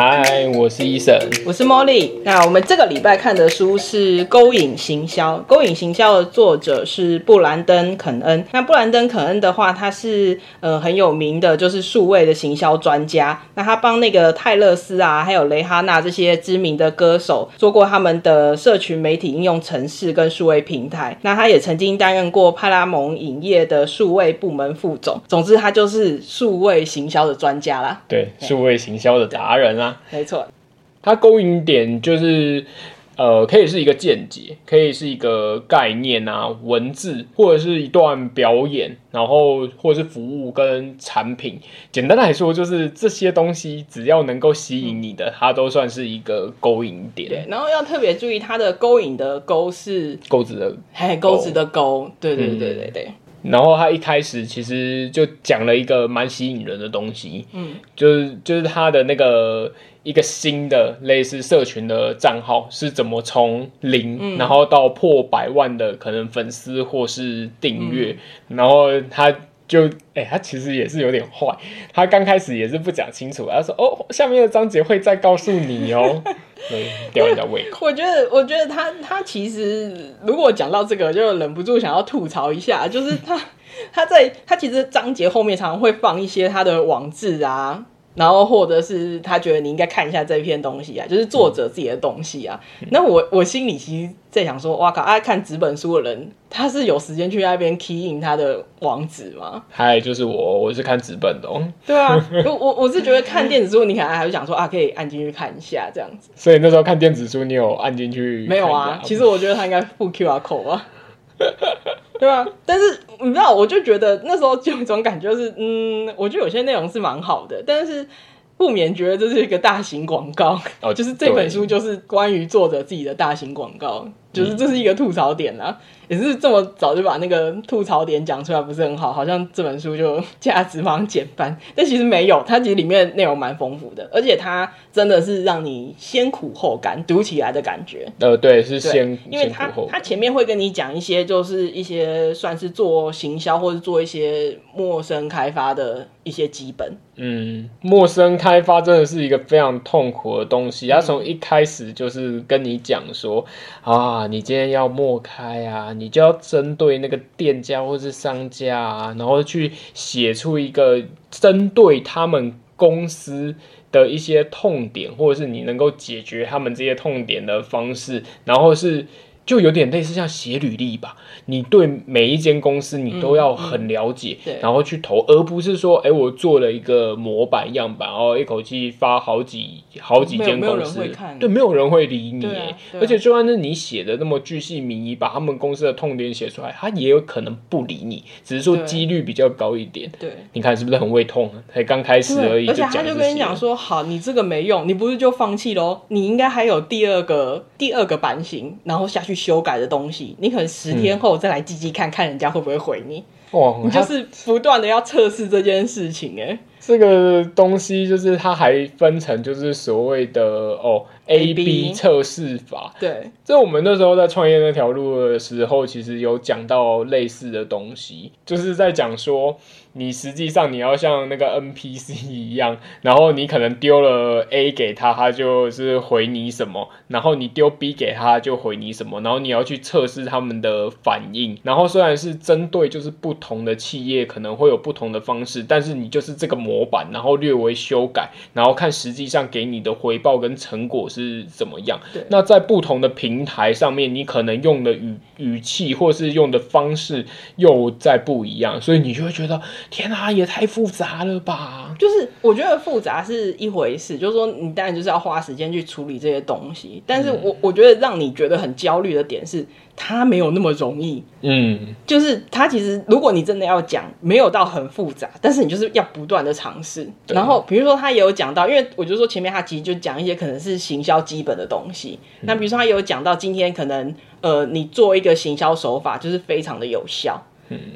嗨，Hi, 我是 Eason，我是莫莉。那我們這個禮拜看的書是《勾引行銷》，《勾引行銷》的作者是布蘭登·肯恩。那布蘭登·肯恩的話，他是呃很有名的，就是數位的行銷專家。那他幫那個泰勒斯啊，還有蕾哈娜這些知名的歌手做過他們的社群媒體應用程式跟數位平台。那他也曾經擔任過派拉蒙影業的數位部門副總。總之，他就是數位行銷的專家啦，對，數位行銷的達人啊。沒錯，它勾引點就是，呃，可以是一個見解，可以是一個概念啊，文字或者是一段表演，然後或者是服務跟產品。簡單來說，就是這些東西只要能夠吸引你的，它都算是一個勾引點。對，然後要特別注意，它的勾引的勾是鈎子的勾，哎，鈎子的勾，對對對對對，對。嗯然後他一開始其實就講了一個蠻吸引人的東西，嗯，就是就是他的那個一個新的類似社群的賬號是怎麼從零，嗯、然後到破百萬的可能粉絲或是訂閱，嗯、然後他。就哎、欸，他其實也是有點壞。他剛開始也是不講清楚，他說：“哦，下面的章節會再告訴你哦。 嗯”吊一下胃口。我覺得，我覺得他他其實，如果講到這個，就忍不住想要吐槽一下，就是他他在他其實章節後面常常會放一些他的網址啊。然後，或者是他覺得你應該看一下這篇東西啊，就是作者自己的東西啊。嗯、那我我心裡其實在想說，哇靠！愛、啊、看紙本書的人，他是有時間去那邊 key in 他的網址嗎？嗨，就是我，我是看紙本的、哦。對啊， 我我是覺得看電子書，你可能還是想說啊，可以按進去看一下這樣子。所以那時候看電子書，你有按進去？沒有啊，其實我覺得他應該附 QR Code 啊。 對啊，但是你知道，我就覺得那時候就有一種感覺是，是嗯，我覺得有些內容是蠻好的，但是不免覺得這是一個大型廣告，哦、 就是這本書就是關於作者自己的大型廣告。就是這是一個吐槽點啦，嗯、也是這麼早就把那個吐槽點講出來，不是很好，好像這本書就價值馬上減半。但其實沒有，它其實裡面內容蠻豐富的，而且它真的是讓你先苦後甘讀起來的感覺。呃，對，是先苦後甘，因為它它前面會跟你講一些，就是一些算是做行銷或者做一些陌生開發的一些基本。嗯，陌生開發真的是一個非常痛苦的東西，嗯、它從一開始就是跟你講說啊。啊，你今天要陌開啊，你就要針對那個店家或是商家啊，然後去寫出一個針對他們公司的一些痛點，或者是你能夠解決他們這些痛點的方式，然後是。就有點類似像寫履歷吧，你對每一間公司你都要很了解，嗯嗯、然後去投，而不是說，哎，我做了一個模板樣板，然後一口氣發好幾好幾間公司，沒有人會看，對，沒有人會理你，啊啊、而且就算是你寫的那麼巨細靡遺，把他們公司的痛點寫出來，他也有可能不理你，只是說幾率比較高一點。對，對你看是不是很胃痛？啊？才剛開始而已，而且他就跟你講說，好，你這個沒用，你不是就放棄嘍？你應該還有第二個第二個版型，然後下去。修改的東西，你可能十天後再來記記看，嗯，看人家會不會回你。哇，你就是不斷的要測試這件事情，欸，誒，這個東西就是它還分成就是所謂的哦。A B, A, B 對測試法，對，這我們那時候在創業那條路的時候，其實有講到類似的東西，就是在講說，你實際上你要像那個 N P C 一樣，然後你可能丟了 A 給他，他就是回你什麼，然後你丟 B 給他，他就回你什麼，然後你要去測試他們的反應。然後雖然是針對就是不同的企業可能會有不同的方式，但是你就是這個模板，然後略微修改，然後看實際上給你的回報跟成果是。是怎麼樣？對那在不同的平台上面，你可能用的語語氣或是用的方式又在不一樣，所以你就會覺得天啊，也太複雜了吧？就是我覺得複雜是一回事，就是說你當然就是要花時間去處理這些東西，但是我、嗯、我覺得讓你覺得很焦慮的點是。他沒有那麼容易，嗯，就是他其實，如果你真的要講，沒有到很複雜，但是你就是要不斷的嘗試。然後，比如說他也有講到，因為我就說前面他其實就講一些可能是行銷基本的東西。那比如說他有講到，今天可能呃，你做一個行銷手法就是非常的有效。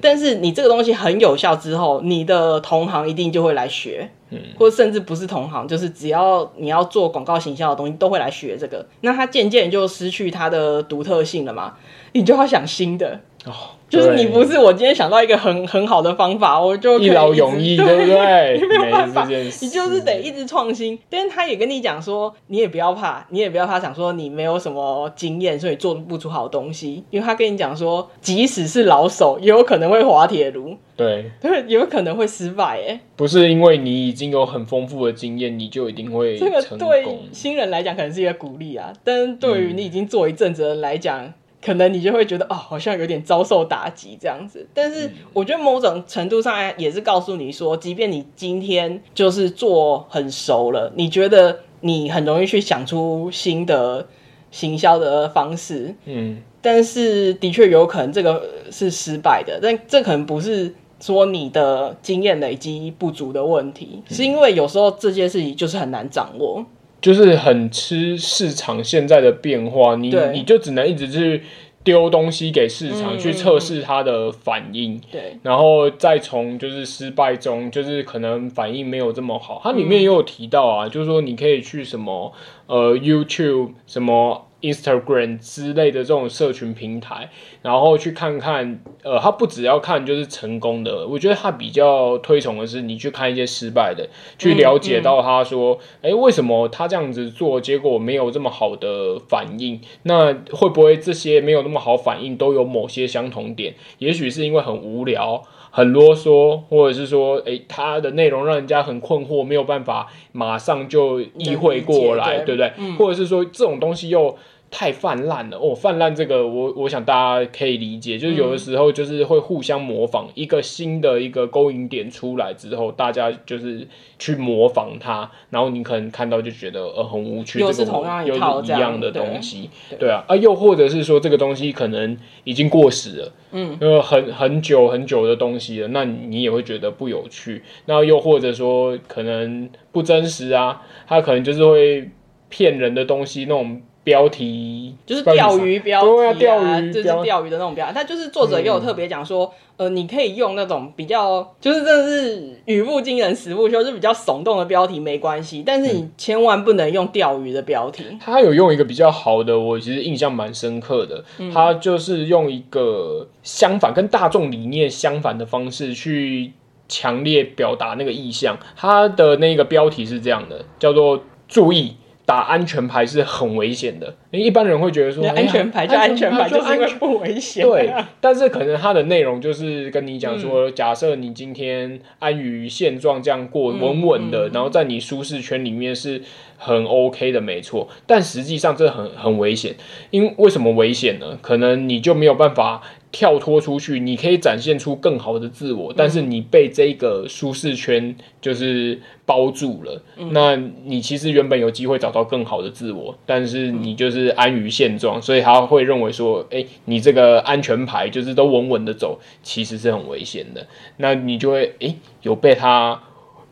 但是你這個東西很有效之後，你的同行一定就會來學，嗯，或甚至不是同行，就是只要你要做廣告形象的東西，都會來學這個。那它漸漸就失去它的獨特性了嘛，你就要想新的。哦，就是你不是我今天想到一個很很好的方法，我就一勞永逸，對，對不對？你沒有辦法，你就是得一直創新。但是他也跟你講說，你也不要怕，你也不要怕，想說你沒有什麼經驗，所以做不出好東西。因為他跟你講說，即使是老手，也有可能會滑鐵盧，對，對，有可能會失敗。哎，不是因為你已經有很豐富的經驗，你就一定會、嗯、這個對新人來講可能是一個鼓勵啊，但是對於你已經做一陣子的人來講。嗯可能你就會覺得哦，好像有點遭受打擊這樣子。但是我覺得某種程度上也是告訴你說，即便你今天就是做很熟了，你覺得你很容易去想出新的行銷的方式，嗯，但是的確有可能這個是失敗的。但這可能不是說你的經驗累積不足的問題，嗯，是因為有時候這件事情就是很難掌握。就是很吃市場現在的變化，你對你就只能一直去丟東西給市場，嗯嗯嗯，去測試它的反應，對然後再從就是失敗中，就是可能反應沒有這麼好。它裡面也有提到啊，嗯、就是說你可以去什麼。呃，YouTube、什麼 Instagram 之類的這種社群平台，然後去看看，呃，他不只要看就是成功的，我覺得他比較推崇的是你去看一些失敗的，去了解到他說，嗯、誒，為什麼他這樣子做，結果沒有這麼好的反應？那會不會這些沒有那麼好反應都有某些相同點？也許是因為很無聊。很囉嗦，或者是說，誒、欸，他的內容讓人家很困惑，沒有辦法馬上就意會過來，對不對？或者是說，這種東西又。太泛濫了哦！泛濫這個我，我我想大家可以理解，就是有的時候就是會互相模仿，一個新的一個勾引點出來之後，大家就是去模仿它，然後你可能看到就覺得呃很無趣，又是同樣一套一樣的東西。對，對啊，啊又或者是說這個東西可能已經過時了，嗯，因為、呃、很很久很久的東西了，那你也會覺得不有趣，那又或者說可能不真實啊，它可能就是會騙人的東西那種。標題就是釣魚標題啊，對啊，釣魚，就是釣魚的那種標題。他就是作者也有特別講說，嗯、呃，你可以用那種比較，就是真的是語不驚人死不休，是比較聳動的標題沒關係，但是你千萬不能用釣魚的標題、嗯。他有用一個比較好的，我其實印象蠻深刻的，嗯、他就是用一個相反跟大眾理念相反的方式去強烈表達那個意象。他的那個標題是這樣的，叫做“注意”。打安全牌是很危險的。因為一般人會覺得說、哎、安全牌就安全牌就是因為不危險，對。但是可能它的內容就是跟你講說，嗯、假設你今天安於現狀這樣過穩穩的，嗯嗯嗯、然後在你舒適圈裡面是很 OK 的，沒錯。但實際上這很很危險，因為為什麼危險呢？可能你就沒有辦法跳脫出去，你可以展現出更好的自我，嗯、但是你被這個舒適圈就是包住了。嗯、那你其實原本有機會找到更好的自我，但是你就是。是安於現狀，所以他會認為說：“哎、欸，你這個安全牌就是都穩穩的走，其實是很危險的。”那你就會哎、欸，有被他。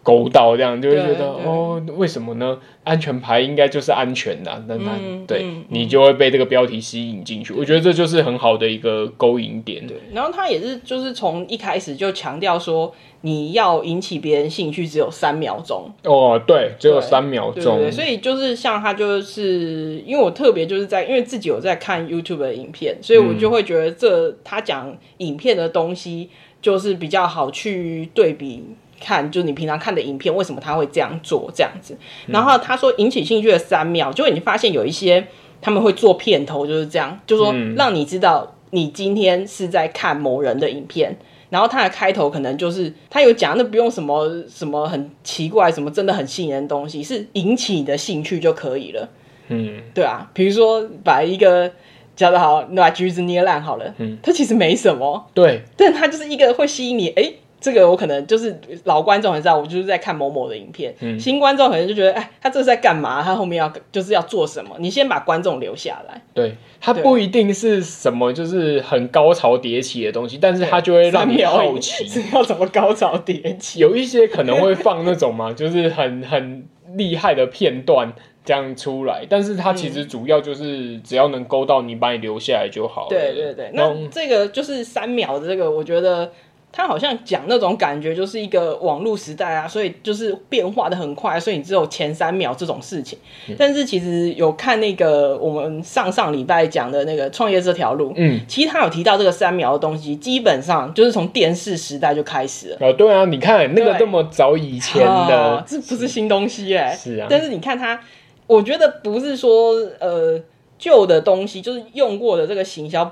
勾到這樣，就會覺得哦，為什麼呢？安全牌應該就是安全的，那他、嗯、對、嗯、你就會被這個標題吸引進去。對我覺得這就是很好的一個勾引點。對，然後他也是，就是從一開始就強調說，你要引起別人興趣只有三秒鐘。哦，對，只有三秒鐘。對，對，對，對，所以就是像他，就是因為我特別就是在因為自己有在看 YouTube 的影片，所以我就會覺得這、嗯、他講影片的東西就是比較好去對比。看，就你平常看的影片，為什麼他會這樣做？這樣子，然後他說引起興趣的三秒，嗯、就會你發現有一些他們會做片頭就是這樣，就說讓你知道你今天是在看某人的影片。嗯、然後他的開頭可能就是他有講，那不用什麼什麼很奇怪，什麼真的很吸引人的東西，是引起你的興趣就可以了。嗯，對啊，比如說把一個叫得好，那橘子捏爛好了，嗯，它其實沒什麼，對，但他就是一個會吸引你，哎、欸。這個我可能就是老觀眾很知道，我就是在看某某的影片。嗯，新觀眾可能就覺得，哎，他這是在幹嘛？他後面要就是要做什麼？你先把觀眾留下來。對，他不一定是什麼就是很高潮迭起的東西，對但是他就會讓你好奇要怎麼高潮迭起。有一些可能會放那種嘛， 就是很很厲害的片段這樣出來，但是他其實主要就是只要能勾到你，把你留下來就好了對。對對對，對那,種那這個就是三秒的這個，我覺得。他好像講那種感覺，就是一個網絡時代啊，所以就是變化得很快，所以你只有前三秒這種事情。嗯、但是其實有看那個我們上上禮拜講的那個創業這條路，嗯，其實他有提到這個三秒的東西，基本上就是從電視時代就開始了啊、哦。對啊，你看那個這麼早以前的，哦、這不是新東西哎、欸。是啊，但是你看他，我覺得不是說呃舊的東西，就是用過的這個行銷。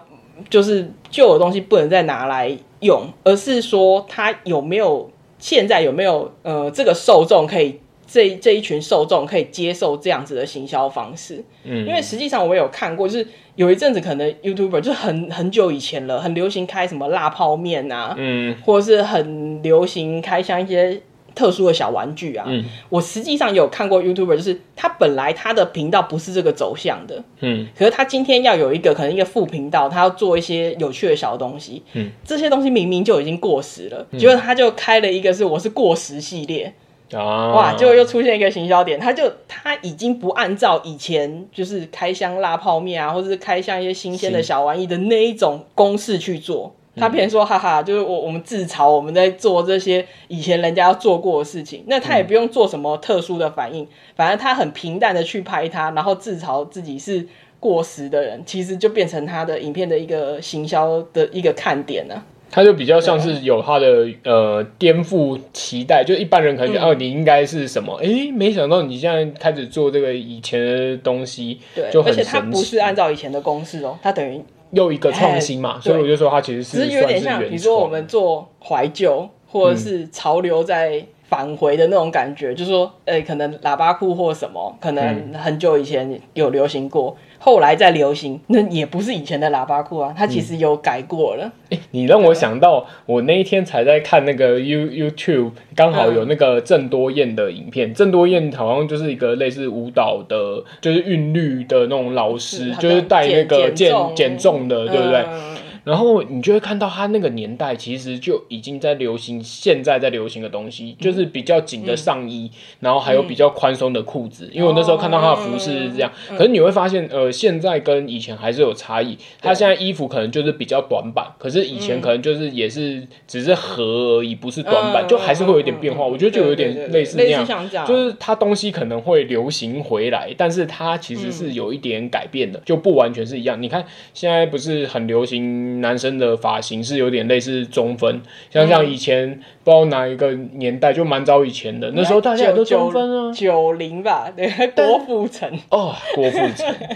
就是舊的東西不能再拿來用，而是說它有沒有現在有沒有呃這個受眾可以這一這一群受眾可以接受這樣子的行銷方式，嗯，因為實際上我有看過，就是有一陣子可能 YouTuber 就很很久以前了，很流行開什麼辣泡麵吶、啊，嗯，或者是很流行開箱一些。特殊的小玩具啊，嗯、我實際上有看過 YouTuber，就是他本來他的頻道不是這個走向的，嗯，可是他今天要有一個可能一個副頻道，他要做一些有趣的小東西，嗯，這些東西明明就已經過時了，嗯、結果他就開了一個，是我是過時系列、嗯、哇，結果又出現一個行銷點，他就他已經不按照以前就是開箱辣泡麵啊，或者是開箱一些新鮮的小玩意的那一種公式去做。他偏說，哈哈，就是我我們自嘲我們在做這些以前人家做過的事情，那他也不用做什麼特殊的反應，嗯、反正他很平淡的去拍他，然後自嘲自己是過時的人，其實就變成他的影片的一個行銷的一個看點了。他就比較像是有他的、啊、呃顛覆期待，就一般人可能覺得、嗯、哦，你應該是什麼？誒、欸，沒想到你現在開始做這個以前的東西，對，就很而且他不是按照以前的公式哦、喔，他等於。又一個創新嘛，哎、所以我就說它其實是，對算是有點像，創比如說我們做懷舊或者是潮流在返回的那種感覺，嗯、就是說，哎，可能喇叭褲或什麼，可能很久以前有流行過。嗯嗯後來再流行，那也不是以前的喇叭褲啊，它其實有改過了。嗯欸、你讓我想到，對我那一天才在看那個 You YouTube，剛好有那個鄭多燕的影片。鄭多燕、嗯、好像就是一個類似舞蹈的，就是韻律的那種老師，是就是帶那個減減減重的，嗯、對不對？然後你就會看到他那個年代其實就已經在流行，現在在流行的東西，就是比較緊的上衣，然後還有比較寬鬆的褲子。因為我那時候看到他的服飾是這樣，可是你會發現，呃，現在跟以前還是有差異。他現在衣服可能就是比較短版，可是以前可能就是也是只是合而已，不是短版，就還是會有一點變化。我覺得就有點類似那樣，就是他東西可能會流行回來，但是它其實是有一點改變的，就不完全是一樣。你看現在不是很流行。男生的髮型是有點類似中分，像像以前、嗯、不知道哪一個年代，就蠻早以前的，那時候大家都中分啊，九,九,九零吧，對，對，郭富城 Oh, 郭富城。哦，郭富城。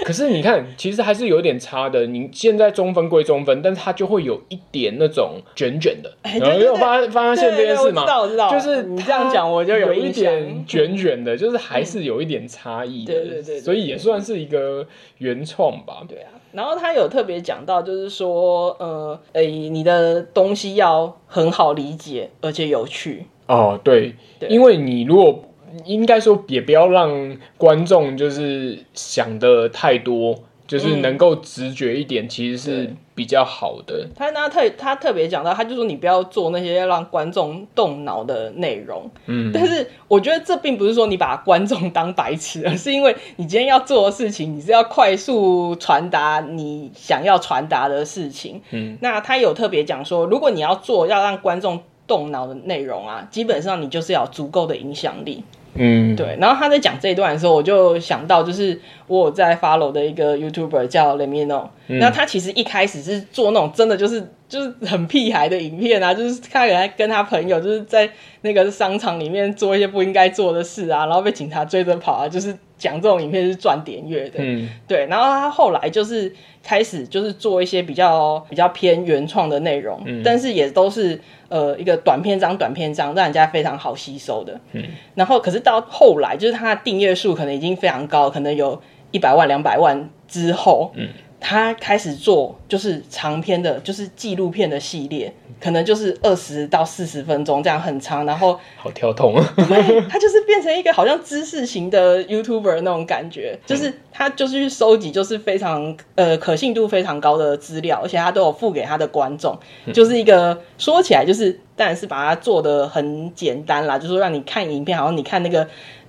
可是你看，其實還是有點差的。你現在中分歸中分，但是它就會有一點那種捲捲的。然後又發發現這件事嗎？就是你這樣講，我就有，有一點捲捲的，就是還是有一點差異的。嗯、對，對，對對對，所以也算是一個原創吧。對啊。然後他有特別講到，就是說，呃，哎，你的東西要很好理解，而且有趣。哦，對，對，因為你如果應該說，也不要讓觀眾就是想得太多，就是能夠直覺一點，其實是比較好的。嗯嗯嗯、他那特他特別講到，他就說你不要做那些讓觀眾動腦的內容。嗯，但是我覺得這並不是說你把觀眾當白痴，而是因為你今天要做的事情，你是要快速傳達你想要傳達的事情。嗯，那他有特別講說，如果你要做要讓觀眾動腦的內容啊，基本上你就是要有足夠的影響力。嗯，對。然後他在講這一段的時候，我就想到就是。我有在 follow 的一個 YouTuber 叫雷米諾，那他其實一開始是做那種真的就是就是很屁孩的影片啊，就是他原來跟他朋友就是在那個商場裡面做一些不應該做的事啊，然後被警察追着跑啊，就是講這種影片是賺點閱的，嗯，對。然後他後來就是開始就是做一些比較比較偏原創的內容，嗯、但是也都是呃一個短篇章短篇章，讓人家非常好吸收的，嗯。然後可是到後來就是他的訂閱數可能已經非常高，可能有。一百萬兩百萬之後，嗯，他開始做就是長篇的，就是紀錄片的系列，可能就是二十到四十分鐘這樣很長，然後好跳痛啊， 他就是變成一個好像知識型的 YouTuber 的那種感覺，就是他就是去收集，就是非常呃可信度非常高的資料，而且他都有付給他的觀眾，就是一個說起來就是當然是把它做的很簡單啦，就是讓你看影片，好像你看那個。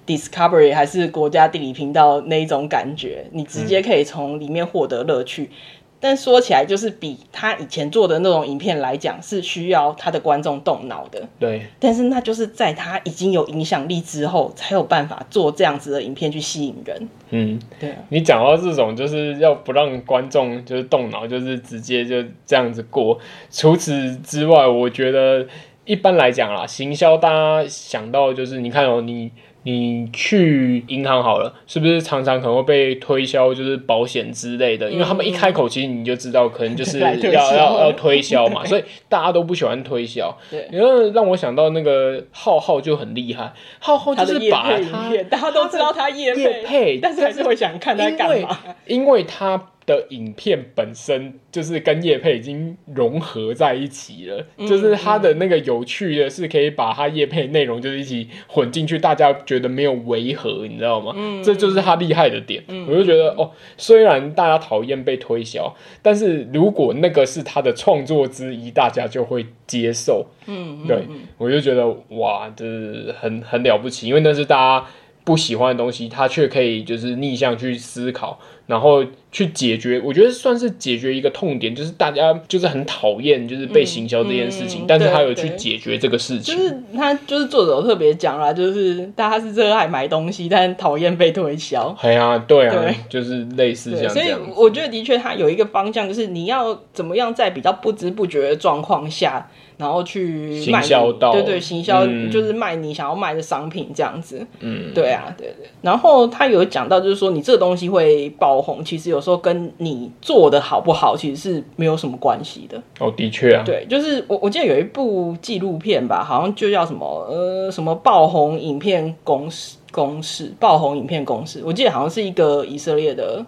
Discovery 還是國家地理頻道那一種感覺，你直接可以從裡面獲得樂趣。嗯、但說起來，就是比他以前做的那種影片來講，是需要他的觀眾動腦的。對。但是那就是在他已經有影響力之後，才有辦法做這樣子的影片去吸引人。嗯，對、啊。你講到這種，就是要不讓觀眾就是動腦，就是直接就這樣子過。除此之外，我覺得一般來講啦，行銷大家想到就是你看哦、喔，你。你去銀行好了，是不是常常可能會被推銷，就是保險之類的？嗯、因為他們一開口，其實你就知道，可能就是要要要，要推銷嘛，對所以大家都不喜歡推銷。然後對讓我想到那個浩浩就很厲害，浩浩就是把他大家都知道他業配，業配但是還是會想看他幹嘛？因為他。的影片本身就是跟業配已經融合在一起了，嗯嗯嗯，就是他的那個有趣的，是可以把他業配內容就是一起混進去，大家覺得沒有違和，你知道嗎？嗯嗯，這就是他厲害的點。嗯嗯，我就覺得哦，雖然大家討厭被推銷，但是如果那個是他的創作之一，大家就會接受。嗯嗯嗯，對，我就覺得哇，就是很很了不起，因為那是大家不喜歡的東西，他卻可以就是逆向去思考，然後。去解決，我覺得算是解決一個痛點，就是大家就是很討厭就是被行銷這件事情，嗯嗯、但是他有去解決這個事情。就是他就是作者特別講啦，就是大家是熱愛買東西，但討厭被推銷、啊。對啊對啊，就是類似這樣子。所以我覺得的確他有一個方向，就是你要怎麼樣在比較不知不覺的狀況下，然後去行銷，到。對對，對，行銷就是賣你想要賣的商品這樣子。嗯，對啊，對，對對。然後他有講到，就是說你這個東西會爆紅，其實有。說跟你做的好不好，其實是沒有什麼關係的。哦，的確啊。對，就是我我記得有一部紀錄片吧，好像就叫什麼呃什麼爆紅影片公式公式，爆紅影片公式。我記得好像是一個以色列的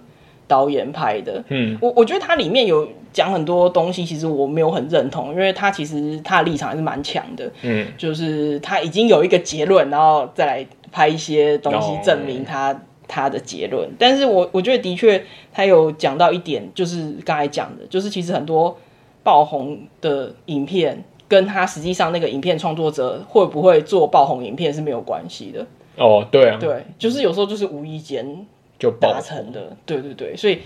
導演拍的。嗯，我我覺得它裡面有講很多東西，其實我沒有很認同，因為它其實他的立場還是蠻強的。嗯，就是他已經有一個結論，然後再來拍一些東西證明他、哦。他的結論，但是我我覺得的確，他有講到一點，就是剛才講的，就是其實很多爆紅的影片，跟他實際上那個影片創作者會不會做爆紅影片是沒有關係的。哦，對啊，對，就是有時候就是無意間就達成的，爆對對對。所以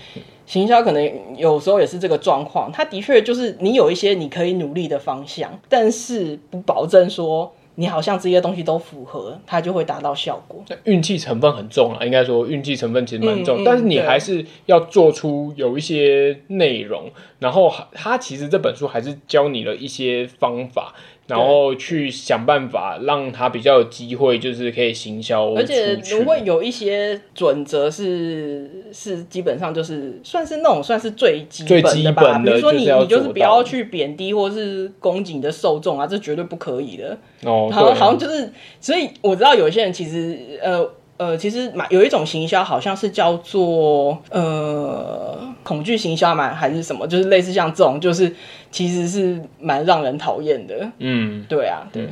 行銷可能有時候也是這個狀況，他的確就是你有一些你可以努力的方向，但是不保證說。你好像這些東西都符合，它就會達到效果。運氣成分很重啊，應該說運氣成分其實蠻重，嗯嗯、但是你還是要做出有一些內容。對然後，它其實這本書還是教你了一些方法。然後去想辦法讓他比較有機會，就是可以行銷。而且如果有一些準則是，是是基本上就是算是那種算是最基本的最基本吧。比如說你，你就是不要去貶低或是攻擊你的受眾啊，這絕對不可以的。哦，好像就是所以我知道有些人其實呃呃，其實買有一種行銷好像是叫做呃。恐懼行銷嘛，還是什麼，就是類似像這種，就是其實是蠻讓人討厭的。嗯，對啊，嗯、對。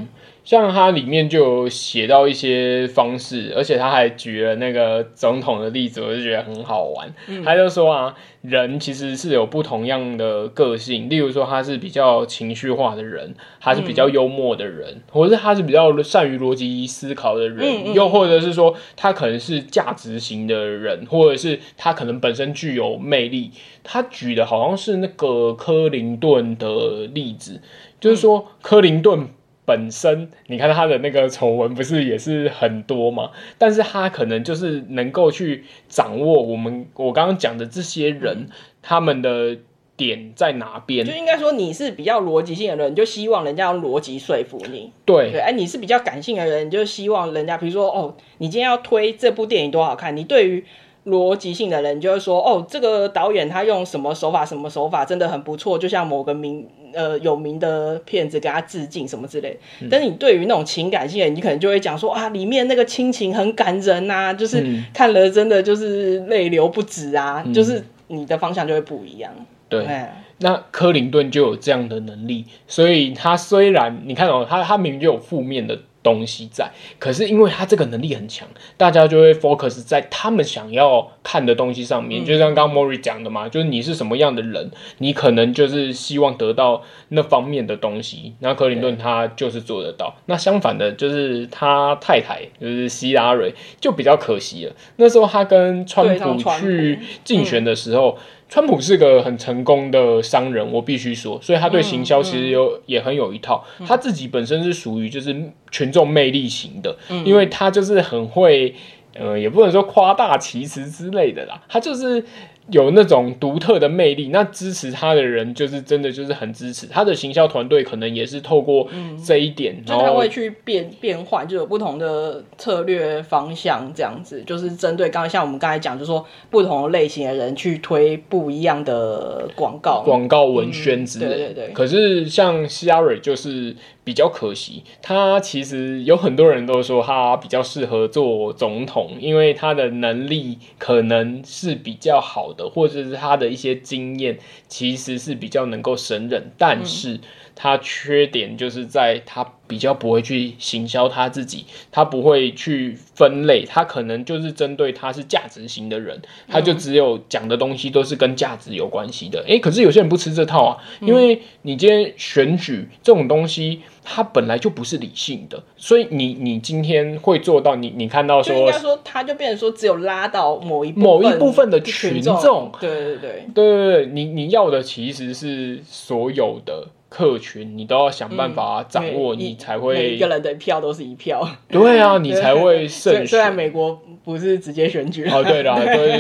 像他裡面就有寫到一些方式，而且他還舉了那個總統的例子，我就覺得很好玩。嗯、他就說啊，人其實是有不同樣的個性，例如說他是比較情緒化的人，他是比較幽默的人，嗯、或者是他是比較善於邏輯思考的人，嗯嗯嗯嗯嗯，又或者是說他可能是價值型的人，或者是他可能本身具有魅力。他舉的好像是那個柯林頓的例子，就是說柯林頓、嗯。本身你看他的那個醜聞不是也是很多嘛，但是他可能就是能夠去掌握我們我剛剛講的這些人、嗯、他們的點在哪邊，就應該說你是比較邏輯性的人，你就希望人家用邏輯說服你，對哎，對啊、你是比較感性的人，你就希望人家比如說哦，你今天要推這部電影多好看，你對於。邏輯性的人就會說，哦，這個導演他用什麼手法，什麼手法真的很不錯，就像某個名呃有名的片子給他致敬什麼之類。嗯、但是你對於那種情感性的，你可能就會講說，啊，裡面那個親情很感人吶、啊，就是看了真的就是淚流不止啊，嗯、就是你的方向就會不一樣。對，嗯、那柯林頓就有這樣的能力，所以他雖然你看哦，他他明明就有負面的東西在，可是因為他這個能力很強，大家就會 focus 在他們想要看的東西上面。嗯、就像剛剛莫瑞講的嘛，就是你是什麼樣的人，你可能就是希望得到那方面的東西。那克林頓他就是做得到，對那相反的，就是他太太就是希拉蕊，就比較可惜了。那時候他跟川普去競選的時候，川普是個很成功的商人，我必須說，所以他對行銷其實有、嗯嗯、也很有一套。嗯、他自己本身是屬於就是群眾魅力型的，嗯、因為他就是很會，呃，也不能說誇大其詞之類的啦，他就是。有那種獨特的魅力，那支持他的人就是真的就是很支持他的行銷團隊，可能也是透過這一點，嗯、然後他會去變變換，就有不同的策略方向，這樣子就是針對剛剛像我們剛才講，就是說不同類型的人去推不一樣的廣告、廣告文宣之類。嗯、對對對。可是像 C R 就是。比較可惜，他其實有很多人都說他比較適合做總統，因為他的能力可能是比較好的，或者是他的一些經驗其實是比較能夠勝任，但是。嗯他缺點就是在他比較不會去行銷他自己，他不會去分類，他可能就是針對他是價值型的人，他就只有講的東西都是跟價值有關係的。哎、嗯欸，可是有些人不吃這套啊，因為你今天選舉這種東西，它本來就不是理性的，所以你你今天會做到你，你你看到說，應該說他就變成說只有拉到某一某一部分的群眾，對對對，對，對對對，你你要的其實是所有的。客群，你都要想辦法、啊嗯、掌握，對你才會每個人的票都是一票。對啊，你才會勝選。 雖然美國不是直接選舉，哦，對的，就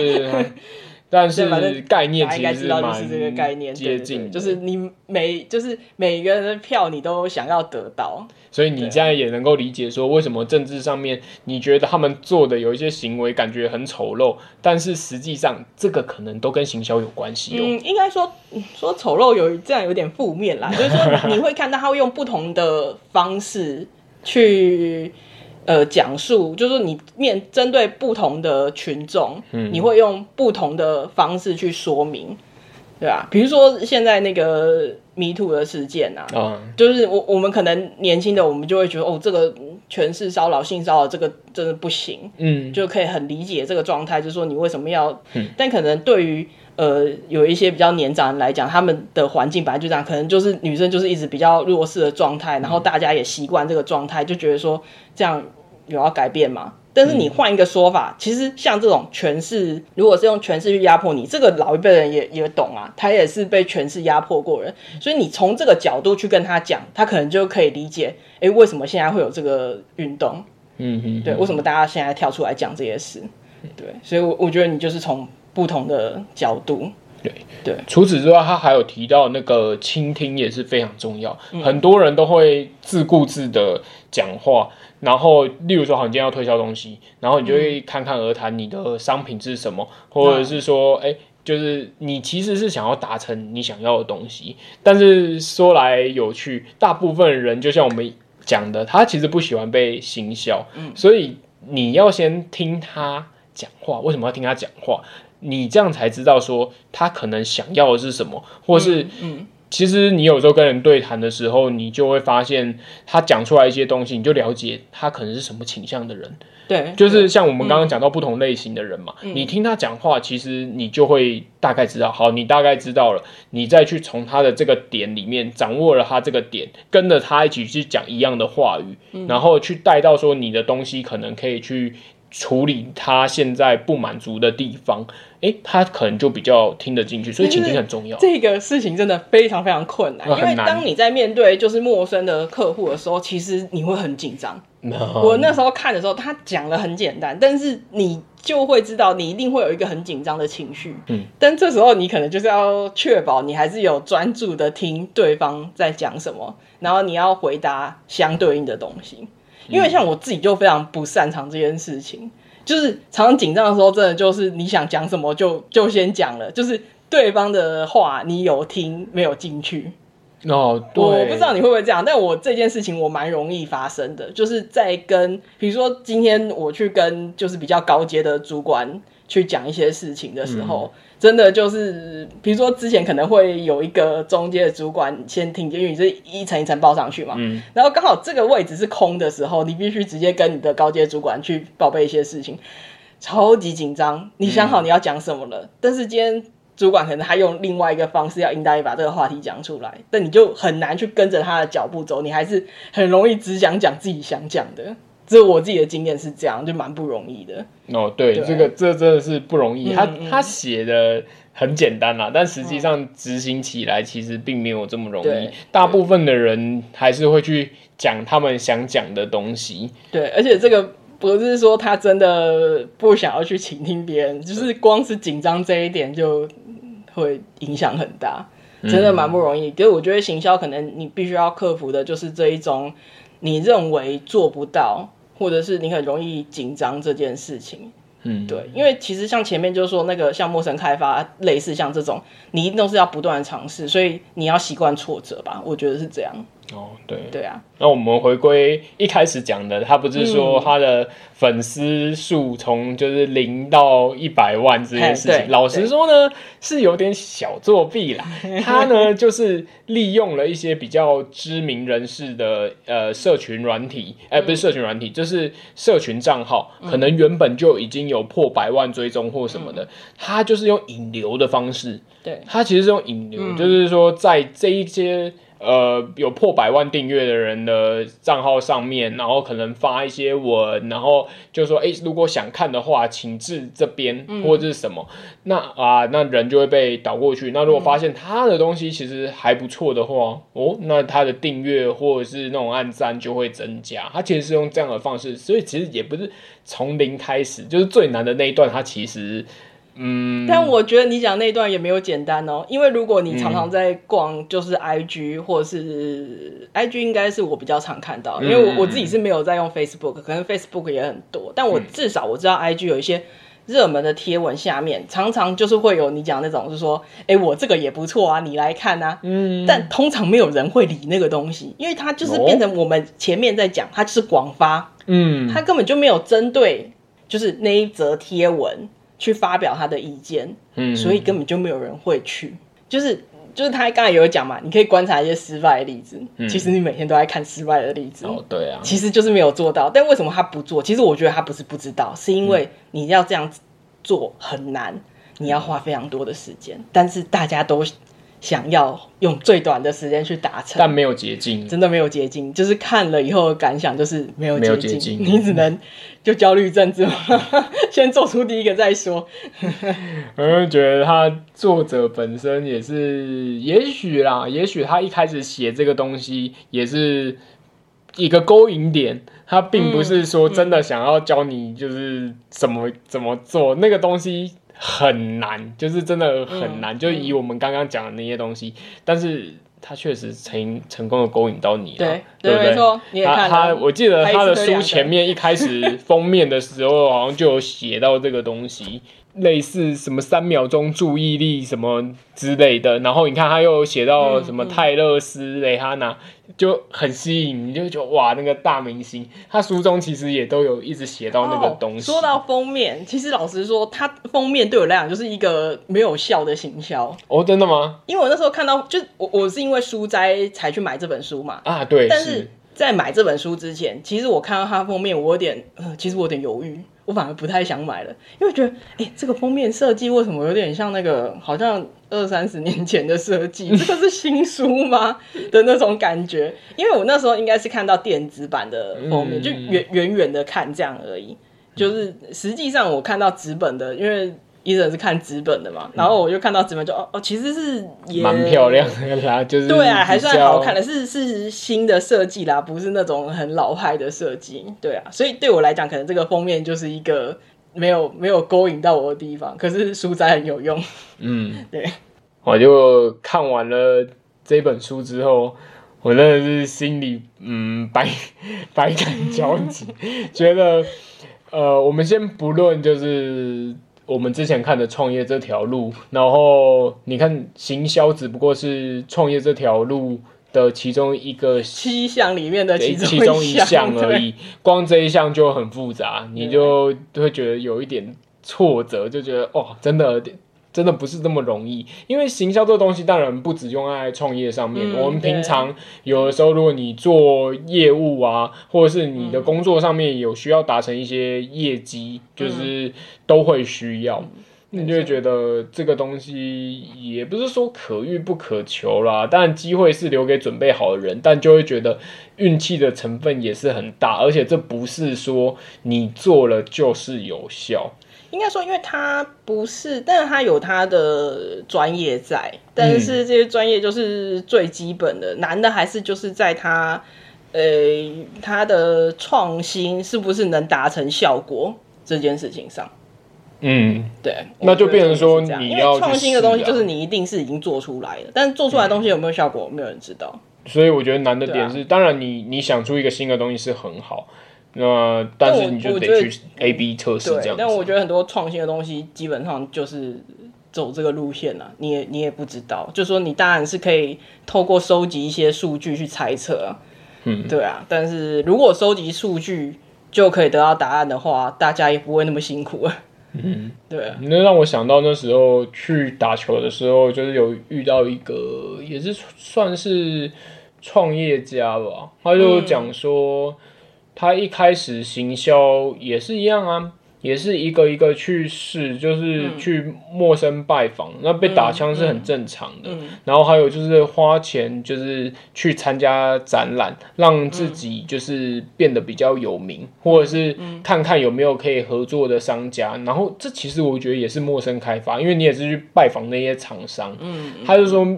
是，但是概念你應該知道，是這個概念。接近，就是你每就是每個人的票，你都想要得到。所以你現在也能夠理解說，為什麼政治上面你覺得他們做的有一些行為感覺很醜陋，但是實際上這個可能都跟行銷有關係哦。嗯，應該說說醜陋有這樣有點負面啦，所以 說你會看到他會用不同的方式去呃講述，就是你面針對不同的群眾，嗯，你會用不同的方式去說明。對啊，比如說現在，那個 Me too 的事件啊，Oh. 就是我我們可能年輕的我們就會覺得哦，這個全是騷擾、性騷擾，這個真的不行。嗯，就可以很理解這個狀態，就是說你為什麼要？嗯，但可能對於呃有一些比較年長人來講，他們的環境本來就這樣，可能就是女生就是一直比較弱勢的狀態，然後大家也習慣這個狀態，嗯，就覺得說這樣有要改變嗎？但是你換一個說法，嗯、其實像這種權勢，如果是用權勢去壓迫你，這個老一輩人也也懂啊，他也是被權勢壓迫過人，所以你從這個角度去跟他講，他可能就可以理解，哎、欸，為什麼現在會有這個運動？嗯嗯，嗯對，嗯、為什麼大家現在跳出來講這些事？嗯、對，所以，我我覺得你就是從不同的角度。對對，對，除此之外，他還有提到那個傾聽也是非常重要，嗯、很多人都會自顧自的。講話，然後，例如說，好，像今天要推銷東西，然後你就會侃侃而談你的商品是什麼，嗯、或者是說，誒、欸，就是你其實是想要達成你想要的東西，但是說來有趣，大部分人就像我們講的，他其實不喜歡被行銷，嗯、所以你要先聽他講話，為什麼要聽他講話？你這樣才知道說他可能想要的是什麼，或是、嗯嗯其實你有時候跟人對談的時候，你就會發現他講出來一些東西，你就了解他可能是什麼傾向的人。對，就是像我們剛剛講到不同類型的人嘛，嗯、你聽他講話，其實你就會大概知道。好，你大概知道了，你再去從他的這個點裡面掌握了他這個點，跟着他一起去講一樣的話語，嗯、然後去帶到說你的東西，可能可以去。處理他現在不滿足的地方，哎，欸，他可能就比較聽得進去，所以傾聽很重要。這個事情真的非常非常困難，啊，很難。因為當你在面對就是陌生的客戶的時候，其實你會很緊張。嗯，我那時候看的時候，他講的很簡單，但是你就會知道你一定會有一個很緊張的情緒。嗯，但這時候你可能就是要確保你還是有專注的聽對方在講什麼，然後你要回答相對應的東西。因為像我自己就非常不擅長這件事情，嗯、就是常常緊張的時候，真的就是你想講什麼就就先講了，就是對方的話你有聽沒有進去。哦，對，我不知道你會不會這樣，但我這件事情我蠻容易發生的，就是在跟，比如說今天我去跟就是比較高階的主管。去講一些事情的時候，嗯、真的就是，比如說之前可能會有一個中階主管先聽聽，因為你是一層一層報上去嘛，嗯、然後剛好這個位置是空的時候，你必須直接跟你的高階主管去報備一些事情，超級緊張。你想好你要講什麼了，嗯、但是今天主管可能還用另外一個方式要硬帶，把這個話題講出來，但你就很難去跟着他的腳步走，你還是很容易只想講自己想講的。這我自己的經驗是這樣，就蠻不容易的。哦，對，對，這個這真的是不容易。嗯、他他寫的很簡單啦，嗯、但實際上執行起來其實並沒有這麼容易。大部分的人還是會去講他們想講的東西。對，而且這個不是說他真的不想要去傾聽別人，嗯、就是光是緊張這一點就會影響很大，真的蠻不容易。所以、嗯、我覺得行銷可能你必須要克服的就是這一種你認為做不到。或者是你很容易緊張這件事情，嗯，對，因為其實像前面就是說那個像陌生開發，類似像這種，你一定都是要不斷的嘗試，所以你要習慣挫折吧，我覺得是這樣。哦，oh, 對對啊。那我們回歸一開始講的，他不是說他的粉絲數從就是零到一百萬這件事情？嗯、老實說呢，對是有點小作弊啦。他嘿呢就是利用了一些比較知名人士的呃社群軟體，哎、嗯呃，不是社群軟體，就是社群賬號，嗯、可能原本就已經有破百萬追蹤或什麼的。他、嗯、就是用引流的方式，對他其實是用引流，嗯、就是說在這一些。呃，有破百萬訂閱的人的賬號上面，然後可能發一些文，然後就說：誒、欸，如果想看的話，請至這邊，或者是什麼。嗯、那啊、呃，那人就會被導過去。那如果發現他的東西其實還不錯的話，嗯、哦，那他的訂閱或者是那種按讚就會增加。他其實是用這樣的方式，所以其實也不是從零開始，就是最難的那一段，他其實。嗯，但我覺得你講那段也沒有簡單哦、喔，因為如果你常常在逛，就是 IG 或是 IG，應該是我比較常看到，嗯、因為我自己是沒有在用 Facebook，可能 Facebook 也很多，但我至少我知道 IG 有一些熱門的貼文，下面、嗯、常常就是會有你講那種，是說，哎、欸，我這個也不錯啊，你來看啊，嗯，但通常沒有人會理那個東西，因為它就是變成我們前面在講，它就是廣發，嗯，它根本就沒有針對，就是那一則貼文。去發表他的意見，嗯，所以根本就沒有人會去，嗯，就是就是他剛才也有講嘛，你可以觀察一些失敗的例子，嗯，其實你每天都在看失敗的例子，哦，對啊，其實就是沒有做到，但為什麼他不做？其實我覺得他不是不知道，是因為你要這樣做很難，嗯，你要花非常多的時間，但是大家都。想要用最短的時間去達成，但沒有捷徑，真的沒有捷徑。就是看了以後的感想就是沒有捷徑，你只能就焦慮症之後先做出第一個再說。我 就、嗯、覺得他作者本身也是，也許啦，也許他一開始寫這個東西也是一個勾引點，他並不是說真的想要教你就是怎麼、嗯、怎麼做那個東西。很難，就是真的很難。嗯、就以我們剛剛講的那些東西，嗯、但是他確實成成功的勾引到你了，對，對不對？對沒錯，他他，我記得他的書前面一開始封面的時候，好像就有寫到這個東西。 類似什麼三秒鐘注意力什麼之類的，然後你看他又寫到什麼泰勒絲、蕾哈娜，就很吸引，你就覺得哇，那個大明星，他書中其實也都有一直寫到那個東西。說到封面，其實老實說，他封面對我來講就是一個沒有效的行銷。哦，真的嗎？因為我那時候看到，就我我是因為書摘才去買這本書嘛。啊，對。但是，是在買這本書之前，其實我看到他封面，我有點，呃，其實我有點猶豫。我反而不太想買了，因為覺得，誒、欸，這個封面設計為什麼有點像那個好像二三十年前的設計？這個是新書嗎？ 的那種感覺。因為我那時候應該是看到電子版的封面，就遠遠遠的看這樣而已。就是實際上我看到紙本的，因為。一人是看紙本的嘛，嗯、然後我就看到紙本就哦哦，其實是也蠻漂亮，的啦。就是對啊，較還算好看的是，是是新的設計啦，不是那種很老派的設計，對啊，所以對我來講，可能這個封面就是一個沒有沒有勾引到我的地方，可是書齋很有用，嗯，對，我就看完了這本書之後，我真的是心裡嗯百百感交集， 覺得呃，我們先不論就是。我們之前看的創業這條路，然後你看行銷只不過是創業這條路的其中一個細項裡面的其中一項，其中一項而已，對光這一項就很複雜，你就會覺得有一點挫折，就覺得哦，真的有點。真的不是這麼容易，因為行銷這個東西，當然不只用在創業上面。嗯、我們平常有的時候，如果你做業務啊，或者是你的工作上面有需要達成一些業績，嗯、就是都會需要。嗯、你就會覺得這個東西也不是說可遇不可求啦，但機會是留給準備好的人，但就會覺得運氣的成分也是很大。而且這不是說你做了就是有效。應該說，因為他不是，但是他有他的專業在，但是這些專業就是最基本的、嗯、難的，還是就是在他，呃，他的創新是不是能達成效果這件事情上。嗯，對，那就變成說，你要創、啊、新的東西，就是你一定是已經做出來了，但做出來的東西有沒有效果，對沒有人知道。所以我覺得難的點是，啊、當然你你想出一個新的東西是很好。那但是你就得去 A B 測試這樣。但我覺得很多創新的東西基本上就是走這個路線了啊，你也你也不知道，就是說你當然是可以透過收集一些數據去猜測啊，嗯，對啊。但是如果收集數據就可以得到答案的話，大家也不會那麼辛苦啊。嗯，對啊。那讓我想到那時候去打球的時候，就是有遇到一個也是算是創業家吧，他就講說，嗯。他一開始行銷也是一樣啊，也是一個一個去試，就是去陌生拜訪，嗯、那被打槍是很正常的。嗯嗯、然後還有就是花錢，就是去參加展覽，讓自己就是變得比較有名，嗯、或者是看看有沒有可以合作的商家。嗯嗯、然後這其實我覺得也是陌生開發，因為你也是去拜訪那些廠商嗯。嗯，他就說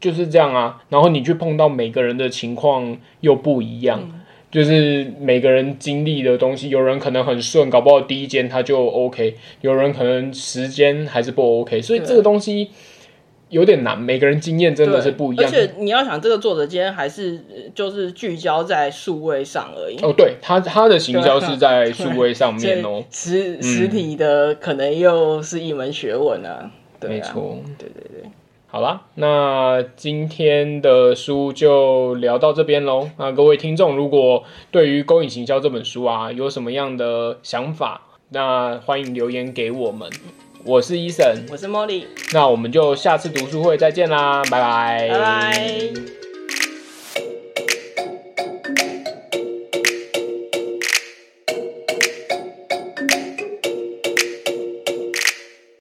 就是這樣啊。然後你去碰到每個人的情況又不一樣。嗯。就是每個人經歷的東西，有人可能很順，搞不好第一間他就 OK；有人可能時間還是不 OK，所以這個東西有點難，每個人經驗真的是不一樣。而且你要想，這個作者今天還是就是聚焦在數位上而已。哦，對，他他的行銷是在數位上面哦，實實體的可能又是一門學問啊。對啊，沒錯，對對對。好啦，那今天的書就聊到這邊咯。那各位聽眾，如果對於《勾引行銷》這本書啊，有什麼樣的想法，那歡迎留言給我們。我是 Eason，我是莫莉，那我們就下次讀書會再見啦，拜拜。Bye bye